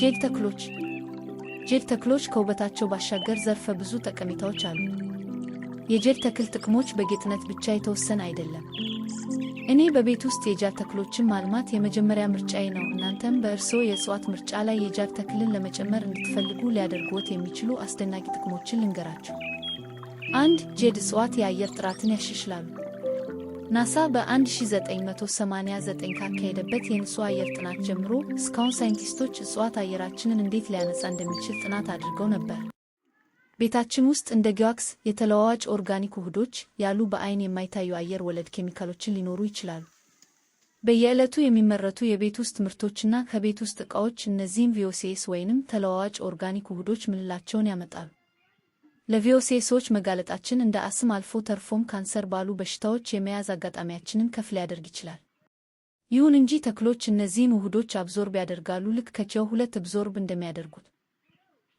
ጄድ ተክሎች ጄድ ተክሎች ከውበታቸው ባሻገር ዘርፈ ብዙ ጠቀሜታዎች አሉ። የጄድ ተክል ጥቅሞች በጌጥነት ብቻ የተወሰነ አይደለም። እኔ በቤት ውስጥ የጃድ ተክሎችን ማልማት የመጀመሪያ ምርጫዬ ነው። እናንተም በእርስዎ የእጽዋት ምርጫ ላይ የጃድ ተክልን ለመጨመር እንድትፈልጉ ሊያደርግዎት የሚችሉ አስደናቂ ጥቅሞችን ልንገራችሁ። አንድ ጄድ እጽዋት የአየር ጥራትን ያሻሽላሉ። ናሳ በ1989 ካካሄደበት የንጹህ አየር ጥናት ጀምሮ እስካሁን ሳይንቲስቶች እጽዋት አየራችንን እንዴት ሊያነጻ እንደሚችል ጥናት አድርገው ነበር። ቤታችን ውስጥ እንደ ጊዋክስ፣ የተለዋዋጭ ኦርጋኒክ ውህዶች ያሉ በአይን የማይታዩ አየር ወለድ ኬሚካሎችን ሊኖሩ ይችላሉ። በየዕለቱ የሚመረቱ የቤት ውስጥ ምርቶችና ከቤት ውስጥ ዕቃዎች እነዚህም ቪኦሲኤስ ወይንም ተለዋዋጭ ኦርጋኒክ ውህዶች ምንላቸውን ያመጣሉ። ሰዎች መጋለጣችን እንደ አስም አልፎ ተርፎም ካንሰር ባሉ በሽታዎች የመያዝ አጋጣሚያችንን ከፍ ሊያደርግ ይችላል። ይሁን እንጂ ተክሎች እነዚህን ውህዶች አብዞርብ ያደርጋሉ ልክ ከቸው ሁለት አብዞርብ እንደሚያደርጉት።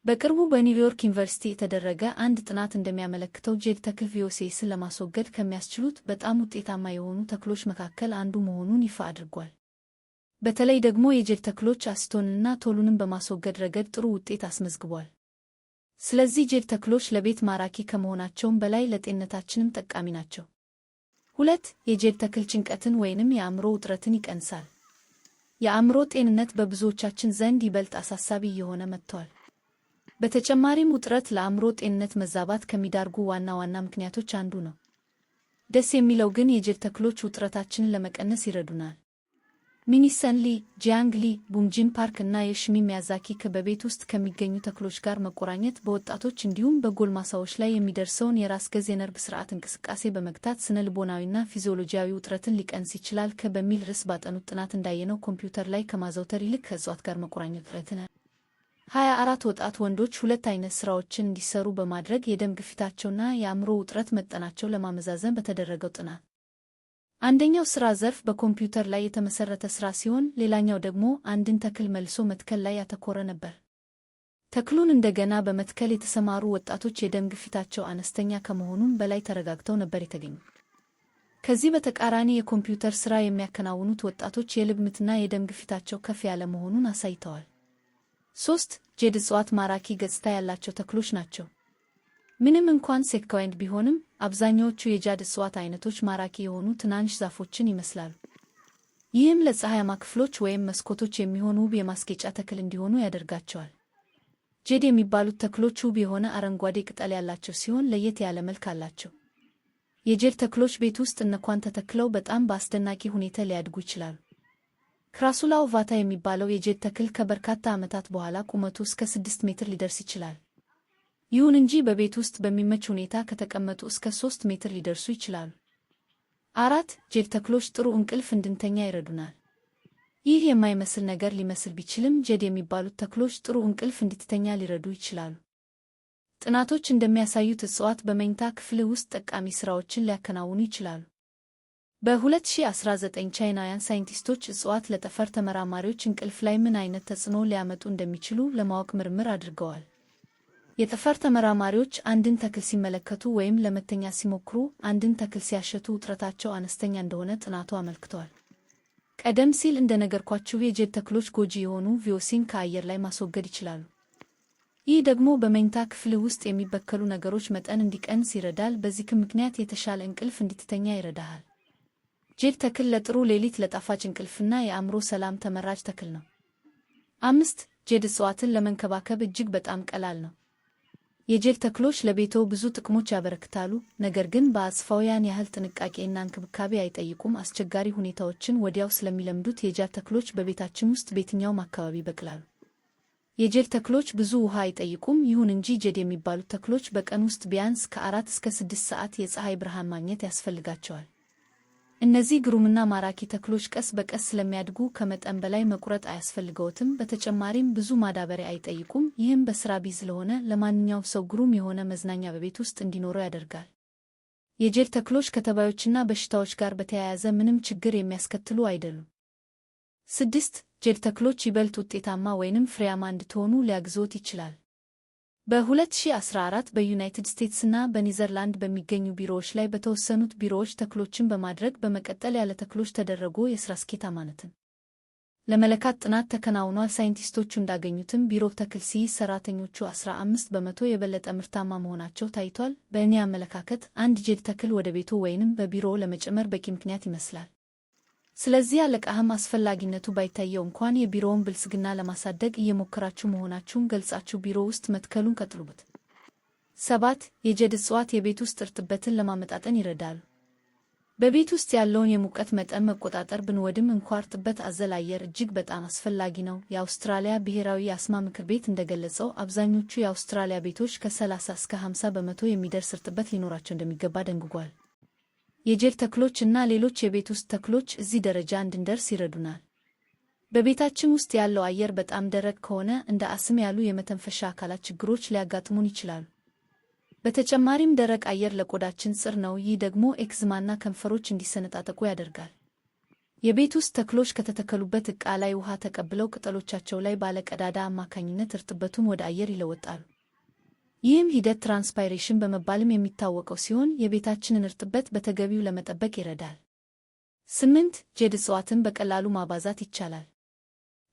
በቅርቡ በኒውዮርክ ዩኒቨርሲቲ የተደረገ አንድ ጥናት እንደሚያመለክተው ጄድ ተክል ቪኦሴስን ለማስወገድ ከሚያስችሉት በጣም ውጤታማ የሆኑ ተክሎች መካከል አንዱ መሆኑን ይፋ አድርጓል። በተለይ ደግሞ የጄድ ተክሎች አሲቶንንና ቶሉንን በማስወገድ ረገድ ጥሩ ውጤት አስመዝግቧል። ስለዚህ ጄድ ተክሎች ለቤት ማራኪ ከመሆናቸውም በላይ ለጤንነታችንም ጠቃሚ ናቸው። ሁለት የጄድ ተክል ጭንቀትን ወይንም የአእምሮ ውጥረትን ይቀንሳል። የአእምሮ ጤንነት በብዙዎቻችን ዘንድ ይበልጥ አሳሳቢ እየሆነ መጥቷል። በተጨማሪም ውጥረት ለአእምሮ ጤንነት መዛባት ከሚዳርጉ ዋና ዋና ምክንያቶች አንዱ ነው። ደስ የሚለው ግን የጄድ ተክሎች ውጥረታችንን ለመቀነስ ይረዱናል። ሚኒሰንሊ፣ ጂያንግሊ፣ ቡምጂን ፓርክ እና የሽሚ ሚያዛኪ በቤት ውስጥ ከሚገኙ ተክሎች ጋር መቆራኘት በወጣቶች እንዲሁም በጎልማሳዎች ላይ የሚደርሰውን የራስ ገዝ የነርቭ ስርዓት እንቅስቃሴ በመግታት ስነ ልቦናዊና ፊዚዮሎጂያዊ ውጥረትን ሊቀንስ ይችላል በሚል ርዕስ ባጠኑት ጥናት እንዳየነው ኮምፒውተር ላይ ከማዘውተር ይልቅ ከእጽዋት ጋር መቆራኘት ውጥረትን ሀያ አራት ወጣት ወንዶች ሁለት አይነት ስራዎችን እንዲሰሩ በማድረግ የደም ግፊታቸውና የአእምሮ ውጥረት መጠናቸው ለማመዛዘን በተደረገው ጥናት አንደኛው ሥራ ዘርፍ በኮምፒውተር ላይ የተመሰረተ ሥራ ሲሆን፣ ሌላኛው ደግሞ አንድን ተክል መልሶ መትከል ላይ ያተኮረ ነበር። ተክሉን እንደገና በመትከል የተሰማሩ ወጣቶች የደም ግፊታቸው አነስተኛ ከመሆኑም በላይ ተረጋግተው ነበር የተገኙ። ከዚህ በተቃራኒ የኮምፒውተር ሥራ የሚያከናውኑት ወጣቶች የልብ ምትና የደም ግፊታቸው ከፍ ያለ መሆኑን አሳይተዋል። ሶስት ጄድ ዕፅዋት ማራኪ ገጽታ ያላቸው ተክሎች ናቸው። ምንም እንኳን ሴካዊንድ ቢሆንም አብዛኛዎቹ የጃድ እጽዋት አይነቶች ማራኪ የሆኑ ትናንሽ ዛፎችን ይመስላሉ። ይህም ለፀሐያማ ክፍሎች ወይም መስኮቶች የሚሆኑ ውብ የማስጌጫ ተክል እንዲሆኑ ያደርጋቸዋል። ጄድ የሚባሉት ተክሎች ውብ የሆነ አረንጓዴ ቅጠል ያላቸው ሲሆን ለየት ያለ መልክ አላቸው። የጄድ ተክሎች ቤት ውስጥ እንኳን ተተክለው በጣም በአስደናቂ ሁኔታ ሊያድጉ ይችላሉ። ክራሱላ ኦቫታ የሚባለው የጄድ ተክል ከበርካታ ዓመታት በኋላ ቁመቱ እስከ ስድስት ሜትር ሊደርስ ይችላል። ይሁን እንጂ በቤት ውስጥ በሚመች ሁኔታ ከተቀመጡ እስከ ሶስት ሜትር ሊደርሱ ይችላሉ። አራት ጄል ተክሎች ጥሩ እንቅልፍ እንድንተኛ ይረዱናል። ይህ የማይመስል ነገር ሊመስል ቢችልም ጄድ የሚባሉት ተክሎች ጥሩ እንቅልፍ እንድትተኛ ሊረዱ ይችላሉ። ጥናቶች እንደሚያሳዩት እጽዋት በመኝታ ክፍል ውስጥ ጠቃሚ ሥራዎችን ሊያከናውኑ ይችላሉ። በ2019 ቻይናውያን ሳይንቲስቶች እጽዋት ለጠፈር ተመራማሪዎች እንቅልፍ ላይ ምን አይነት ተጽዕኖ ሊያመጡ እንደሚችሉ ለማወቅ ምርምር አድርገዋል። የጠፈር ተመራማሪዎች አንድን ተክል ሲመለከቱ ወይም ለመተኛ ሲሞክሩ አንድን ተክል ሲያሸቱ ውጥረታቸው አነስተኛ እንደሆነ ጥናቱ አመልክተዋል። ቀደም ሲል እንደነገርኳችሁ የጀድ ተክሎች ጎጂ የሆኑ ቪዮሲን ከአየር ላይ ማስወገድ ይችላሉ። ይህ ደግሞ በመኝታ ክፍል ውስጥ የሚበከሉ ነገሮች መጠን እንዲቀንስ ይረዳል። በዚህም ምክንያት የተሻለ እንቅልፍ እንድትተኛ ይረዳሃል። ጄድ ተክል ለጥሩ ሌሊት፣ ለጣፋጭ እንቅልፍና የአእምሮ ሰላም ተመራጭ ተክል ነው። አምስት ጄድ እጽዋትን ለመንከባከብ እጅግ በጣም ቀላል ነው። የጄል ተክሎች ለቤትዎ ብዙ ጥቅሞች ያበረክታሉ፣ ነገር ግን በአጽፋውያን ያህል ጥንቃቄና እንክብካቤ አይጠይቁም። አስቸጋሪ ሁኔታዎችን ወዲያው ስለሚለምዱት የጄል ተክሎች በቤታችን ውስጥ በየትኛውም አካባቢ ይበቅላሉ። የጄል ተክሎች ብዙ ውሃ አይጠይቁም። ይሁን እንጂ ጀድ የሚባሉት ተክሎች በቀን ውስጥ ቢያንስ ከአራት እስከ ስድስት ሰዓት የፀሐይ ብርሃን ማግኘት ያስፈልጋቸዋል። እነዚህ ግሩምና ማራኪ ተክሎች ቀስ በቀስ ስለሚያድጉ ከመጠን በላይ መቁረጥ አያስፈልገውትም በተጨማሪም ብዙ ማዳበሪያ አይጠይቁም። ይህም በስራ ቢዝ ስለሆነ ለማንኛውም ሰው ግሩም የሆነ መዝናኛ በቤት ውስጥ እንዲኖረው ያደርጋል። የጄድ ተክሎች ከተባዮችና በሽታዎች ጋር በተያያዘ ምንም ችግር የሚያስከትሉ አይደሉም። ስድስት ጄድ ተክሎች ይበልጥ ውጤታማ ወይንም ፍሬያማ እንድትሆኑ ሊያግዞት ይችላል። በ2014 በዩናይትድ ስቴትስና በኔዘርላንድ በሚገኙ ቢሮዎች ላይ በተወሰኑት ቢሮዎች ተክሎችን በማድረግ በመቀጠል ያለ ተክሎች ተደረጉ የሥራ ስኬታማነትን ለመለካት ጥናት ተከናውኗል። ሳይንቲስቶቹ እንዳገኙትም ቢሮ ተክል ሲይዝ ሰራተኞቹ 15 በመቶ የበለጠ ምርታማ መሆናቸው ታይቷል። በእኔ አመለካከት አንድ ጄድ ተክል ወደ ቤቱ ወይንም በቢሮው ለመጨመር በቂ ምክንያት ይመስላል። ስለዚህ አለቃህም አስፈላጊነቱ ባይታየው እንኳን የቢሮውን ብልጽግና ለማሳደግ እየሞከራችሁ መሆናችሁን ገልጻችሁ ቢሮ ውስጥ መትከሉን ቀጥሉበት። ሰባት የጀድ እጽዋት የቤት ውስጥ እርጥበትን ለማመጣጠን ይረዳሉ። በቤት ውስጥ ያለውን የሙቀት መጠን መቆጣጠር ብንወድም እንኳ እርጥበት አዘል አየር እጅግ በጣም አስፈላጊ ነው። የአውስትራሊያ ብሔራዊ የአስማ ምክር ቤት እንደገለጸው አብዛኞቹ የአውስትራሊያ ቤቶች ከ30 እስከ 50 በመቶ የሚደርስ እርጥበት ሊኖራቸው እንደሚገባ ደንግጓል። የጀል ተክሎች እና ሌሎች የቤት ውስጥ ተክሎች እዚህ ደረጃ እንድንደርስ ይረዱናል። በቤታችን ውስጥ ያለው አየር በጣም ደረቅ ከሆነ እንደ አስም ያሉ የመተንፈሻ አካላት ችግሮች ሊያጋጥሙን ይችላሉ። በተጨማሪም ደረቅ አየር ለቆዳችን ጽር ነው። ይህ ደግሞ ኤክዝማና ከንፈሮች እንዲሰነጣጠቁ ያደርጋል። የቤት ውስጥ ተክሎች ከተተከሉበት ዕቃ ላይ ውሃ ተቀብለው ቅጠሎቻቸው ላይ ባለቀዳዳ አማካኝነት እርጥበቱን ወደ አየር ይለወጣሉ። ይህም ሂደት ትራንስፓይሬሽን በመባልም የሚታወቀው ሲሆን የቤታችንን እርጥበት በተገቢው ለመጠበቅ ይረዳል። ስምንት ጄድ እጽዋትን በቀላሉ ማባዛት ይቻላል።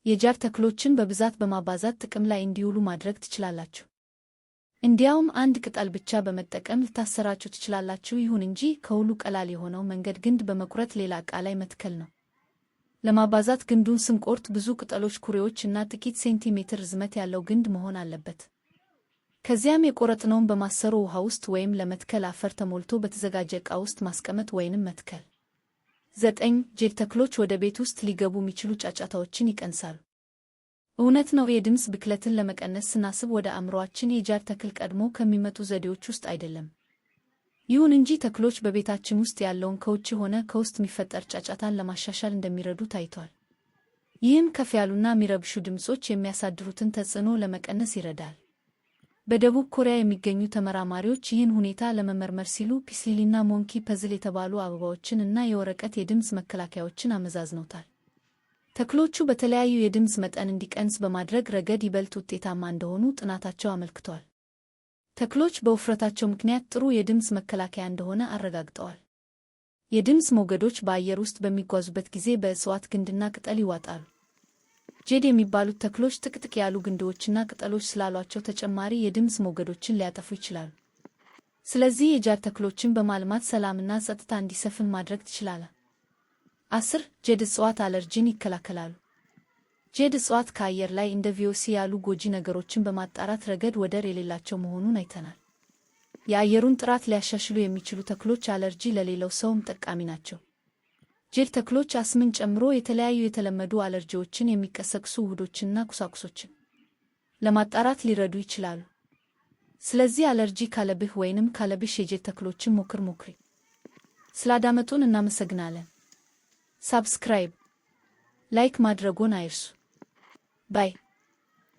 የጃር ተክሎችን በብዛት በማባዛት ጥቅም ላይ እንዲውሉ ማድረግ ትችላላችሁ። እንዲያውም አንድ ቅጠል ብቻ በመጠቀም ልታሰራችሁ ትችላላችሁ። ይሁን እንጂ ከሁሉ ቀላል የሆነው መንገድ ግንድ በመቁረጥ ሌላ ዕቃ ላይ መትከል ነው። ለማባዛት ግንዱን ስንቆርት ብዙ ቅጠሎች፣ ኩሬዎች እና ጥቂት ሴንቲሜትር ርዝመት ያለው ግንድ መሆን አለበት። ከዚያም የቆረጥነውን በማሰሮ ውሃ ውስጥ ወይም ለመትከል አፈር ተሞልቶ በተዘጋጀ ዕቃ ውስጥ ማስቀመጥ ወይንም መትከል። ዘጠኝ ጄል ተክሎች ወደ ቤት ውስጥ ሊገቡ የሚችሉ ጫጫታዎችን ይቀንሳሉ። እውነት ነው፣ የድምፅ ብክለትን ለመቀነስ ስናስብ ወደ አእምሮአችን የጃር ተክል ቀድሞ ከሚመጡ ዘዴዎች ውስጥ አይደለም። ይሁን እንጂ ተክሎች በቤታችን ውስጥ ያለውን ከውጭ ሆነ ከውስጥ የሚፈጠር ጫጫታን ለማሻሻል እንደሚረዱ ታይቷል። ይህም ከፍ ያሉና የሚረብሹ ድምፆች የሚያሳድሩትን ተጽዕኖ ለመቀነስ ይረዳል። በደቡብ ኮሪያ የሚገኙ ተመራማሪዎች ይህን ሁኔታ ለመመርመር ሲሉ ፒሲሊና ሞንኪ ፐዝል የተባሉ አበባዎችን እና የወረቀት የድምፅ መከላከያዎችን አመዛዝነውታል። ተክሎቹ በተለያዩ የድምፅ መጠን እንዲቀንስ በማድረግ ረገድ ይበልጥ ውጤታማ እንደሆኑ ጥናታቸው አመልክቷል። ተክሎች በውፍረታቸው ምክንያት ጥሩ የድምፅ መከላከያ እንደሆነ አረጋግጠዋል። የድምፅ ሞገዶች በአየር ውስጥ በሚጓዙበት ጊዜ በእጽዋት ግንድና ቅጠል ይዋጣሉ። ጄድ የሚባሉት ተክሎች ጥቅጥቅ ያሉ ግንድዎችና ቅጠሎች ስላሏቸው ተጨማሪ የድምፅ ሞገዶችን ሊያጠፉ ይችላሉ። ስለዚህ የጃድ ተክሎችን በማልማት ሰላምና ጸጥታ እንዲሰፍን ማድረግ ትችላለ። አስር ጄድ እጽዋት አለርጂን ይከላከላሉ። ጄድ እጽዋት ከአየር ላይ እንደ ቪኦሲ ያሉ ጎጂ ነገሮችን በማጣራት ረገድ ወደር የሌላቸው መሆኑን አይተናል። የአየሩን ጥራት ሊያሻሽሉ የሚችሉ ተክሎች አለርጂ ለሌለው ሰውም ጠቃሚ ናቸው። ጄል ተክሎች አስምን ጨምሮ የተለያዩ የተለመዱ አለርጂዎችን የሚቀሰቅሱ ውህዶችንና ቁሳቁሶችን ለማጣራት ሊረዱ ይችላሉ። ስለዚህ አለርጂ ካለብህ ወይንም ካለብሽ የጄል ተክሎችን ሞክር ሞክሪ። ስላዳመጡን እናመሰግናለን። ሳብስክራይብ፣ ላይክ ማድረጎን አይርሱ። ባይ